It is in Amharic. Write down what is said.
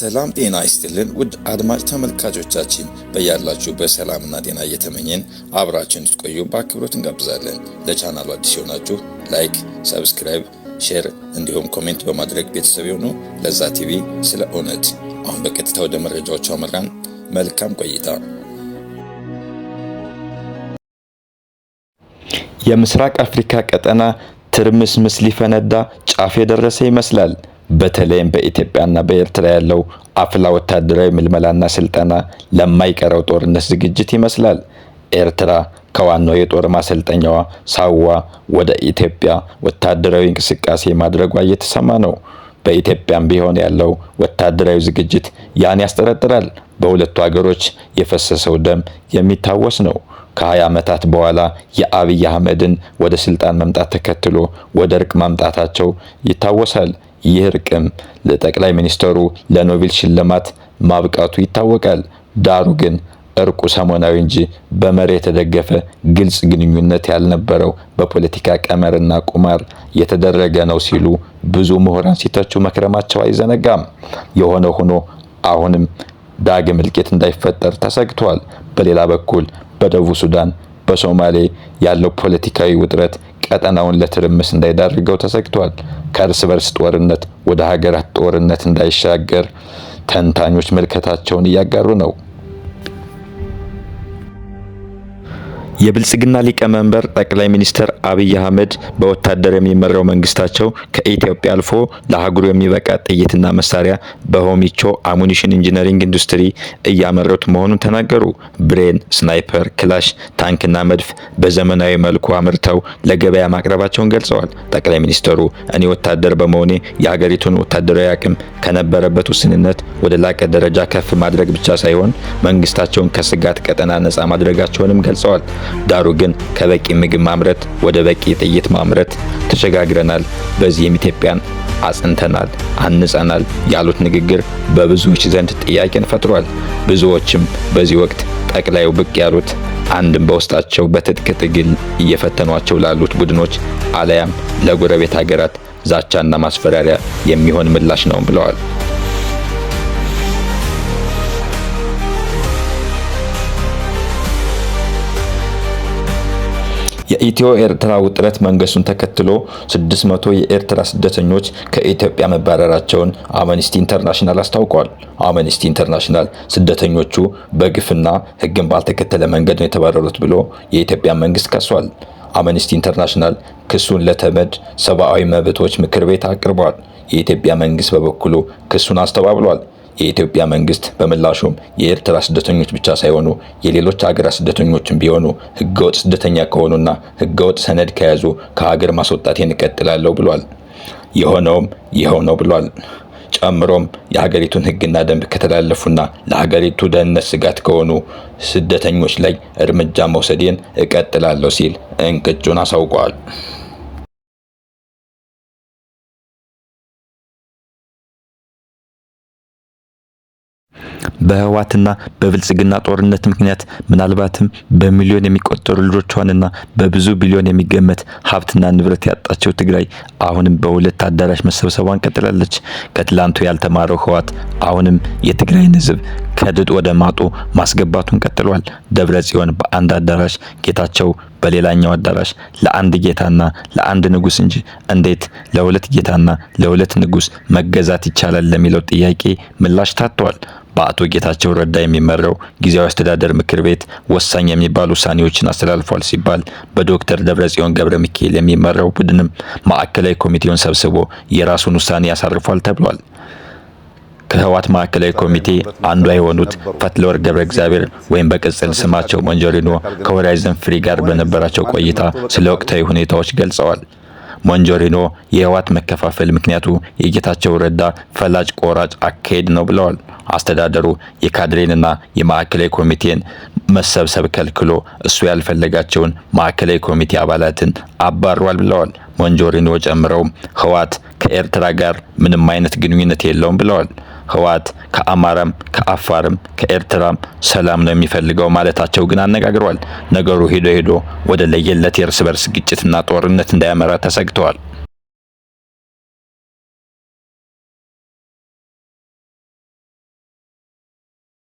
ሰላም ጤና ይስጥልን ውድ አድማጭ ተመልካቾቻችን በያላችሁ በሰላምና ጤና እየተመኘን አብራችን ቆዩ በአክብሮት እንጋብዛለን። ለቻናሉ አዲስ የሆናችሁ ላይክ፣ ሰብስክራይብ፣ ሼር እንዲሁም ኮሜንት በማድረግ ቤተሰብ የሆኑ ለዛ ቲቪ ስለ እውነት። አሁን በቀጥታ ወደ መረጃዎቹ አመራን። መልካም ቆይታ። የምስራቅ አፍሪካ ቀጠና ትርምስምስ ሊፈነዳ ጫፍ የደረሰ ይመስላል። በተለይም በኢትዮጵያና በኤርትራ ያለው አፍላ ወታደራዊ ምልመላና ስልጠና ለማይቀረው ጦርነት ዝግጅት ይመስላል። ኤርትራ ከዋናው የጦር ማሰልጠኛዋ ሳዋ ወደ ኢትዮጵያ ወታደራዊ እንቅስቃሴ ማድረጓ እየተሰማ ነው። በኢትዮጵያም ቢሆን ያለው ወታደራዊ ዝግጅት ያን ያስጠረጥራል። በሁለቱ ሀገሮች የፈሰሰው ደም የሚታወስ ነው። ከ20 ዓመታት በኋላ የአብይ አህመድን ወደ ስልጣን መምጣት ተከትሎ ወደ እርቅ ማምጣታቸው ይታወሳል። ይህ እርቅም ለጠቅላይ ሚኒስትሩ ለኖቤል ሽልማት ማብቃቱ ይታወቃል። ዳሩ ግን እርቁ ሰሞናዊ እንጂ በመሪ የተደገፈ ግልጽ ግንኙነት ያልነበረው በፖለቲካ ቀመርና ቁማር የተደረገ ነው ሲሉ ብዙ ምሁራን ሲተቹ መክረማቸው አይዘነጋም። የሆነ ሆኖ አሁንም ዳግም እልቂት እንዳይፈጠር ተሰግቷል። በሌላ በኩል በደቡብ ሱዳን፣ በሶማሌ ያለው ፖለቲካዊ ውጥረት ቀጠናውን ለትርምስ እንዳይዳርገው ተሰግቷል። ከእርስ በርስ ጦርነት ወደ ሀገራት ጦርነት እንዳይሻገር ተንታኞች ምልከታቸውን እያጋሩ ነው። የብልጽግና ሊቀመንበር ጠቅላይ ሚኒስትር አብይ አህመድ በወታደር የሚመራው መንግስታቸው ከኢትዮጵያ አልፎ ለአህጉሩ የሚበቃ ጥይትና መሳሪያ በሆሚቾ አሙኒሽን ኢንጂነሪንግ ኢንዱስትሪ እያመረቱ መሆኑን ተናገሩ። ብሬን፣ ስናይፐር፣ ክላሽ፣ ታንክና መድፍ በዘመናዊ መልኩ አምርተው ለገበያ ማቅረባቸውን ገልጸዋል። ጠቅላይ ሚኒስትሩ እኔ ወታደር በመሆኔ የሀገሪቱን ወታደራዊ አቅም ከነበረበት ውስንነት ወደ ላቀ ደረጃ ከፍ ማድረግ ብቻ ሳይሆን መንግስታቸውን ከስጋት ቀጠና ነጻ ማድረጋቸውንም ገልጸዋል። ዳሩ ግን ከበቂ ምግብ ማምረት ወደ በቂ ጥይት ማምረት ተሸጋግረናል፣ በዚህም ኢትዮጵያን አጽንተናል፣ አንጸናል ያሉት ንግግር በብዙዎች ዘንድ ጥያቄን ፈጥሯል። ብዙዎችም በዚህ ወቅት ጠቅላዩ ብቅ ያሉት አንድም በውስጣቸው በትጥቅ ትግል እየፈተኗቸው ላሉት ቡድኖች አለያም ለጎረቤት ሀገራት ዛቻና ማስፈራሪያ የሚሆን ምላሽ ነው ብለዋል። የኢትዮ ኤርትራ ውጥረት መንግስቱን ተከትሎ 600 የኤርትራ ስደተኞች ከኢትዮጵያ መባረራቸውን አምነስቲ ኢንተርናሽናል አስታውቋል። አምነስቲ ኢንተርናሽናል ስደተኞቹ በግፍና ህግን ባልተከተለ መንገድ ነው የተባረሩት ብሎ የኢትዮጵያ መንግስት ከሷል። አምነስቲ ኢንተርናሽናል ክሱን ለተመድ ሰብአዊ መብቶች ምክር ቤት አቅርቧል። የኢትዮጵያ መንግስት በበኩሉ ክሱን አስተባብሏል። የኢትዮጵያ መንግስት በምላሹም የኤርትራ ስደተኞች ብቻ ሳይሆኑ የሌሎች ሀገራት ስደተኞችም ቢሆኑ ህገወጥ ስደተኛ ከሆኑና ህገወጥ ሰነድ ከያዙ ከሀገር ማስወጣቴን እቀጥላለሁ ብሏል። የሆነውም ይኸው ነው ብሏል። ጨምሮም የሀገሪቱን ህግና ደንብ ከተላለፉና ለሀገሪቱ ደህንነት ስጋት ከሆኑ ስደተኞች ላይ እርምጃ መውሰዴን እቀጥላለሁ ሲል እንቅጩን አሳውቋል። በህወሓትና በብልጽግና ጦርነት ምክንያት ምናልባትም በሚሊዮን የሚቆጠሩ ልጆቿንና በብዙ ቢሊዮን የሚገመት ሀብትና ንብረት ያጣቸው ትግራይ አሁንም በሁለት አዳራሽ መሰብሰቧን ቀጥላለች። ከትላንቱ ያልተማረው ህወሓት አሁንም የትግራይን ህዝብ ከድጥ ወደ ማጡ ማስገባቱን ቀጥሏል። ደብረ ጽዮን በአንድ አዳራሽ ጌታቸው በሌላኛው አዳራሽ ለአንድ ጌታና ለአንድ ንጉስ እንጂ እንዴት ለሁለት ጌታና ለሁለት ንጉስ መገዛት ይቻላል ለሚለው ጥያቄ ምላሽ ታጥቷል። በአቶ ጌታቸው ረዳ የሚመራው ጊዜያዊ አስተዳደር ምክር ቤት ወሳኝ የሚባሉ ውሳኔዎችን አስተላልፏል ሲባል በዶክተር ደብረጽዮን ገብረ ሚካኤል የሚመራው ቡድንም ማዕከላዊ ኮሚቴውን ሰብስቦ የራሱን ውሳኔ ያሳርፏል ተብሏል። ከህወሓት ማዕከላዊ ኮሚቴ አንዷ የሆኑት ፈትለወርቅ ገብረ እግዚአብሔር ወይም በቅጽል ስማቸው ሞንጆሪኖ ከሆራይዘን ፍሪ ጋር በነበራቸው ቆይታ ስለ ወቅታዊ ሁኔታዎች ገልጸዋል። ሞንጆሪኖ የህወሓት መከፋፈል ምክንያቱ የጌታቸው ረዳ ፈላጭ ቆራጭ አካሄድ ነው ብለዋል። አስተዳደሩ የካድሬንና የማዕከላዊ ኮሚቴን መሰብሰብ ከልክሎ እሱ ያልፈለጋቸውን ማዕከላዊ ኮሚቴ አባላትን አባሯል ብለዋል። ሞንጆሪኖ ጨምረው ህወሓት ከኤርትራ ጋር ምንም አይነት ግንኙነት የለውም ብለዋል። ህወሓት ከአማራም ከአፋርም ከኤርትራም ሰላም ነው የሚፈልገው ማለታቸው ግን አነጋግሯል። ነገሩ ሄዶ ሄዶ ወደ ለየለት የእርስ በርስ ግጭትና ጦርነት እንዳያመራ ተሰግተዋል።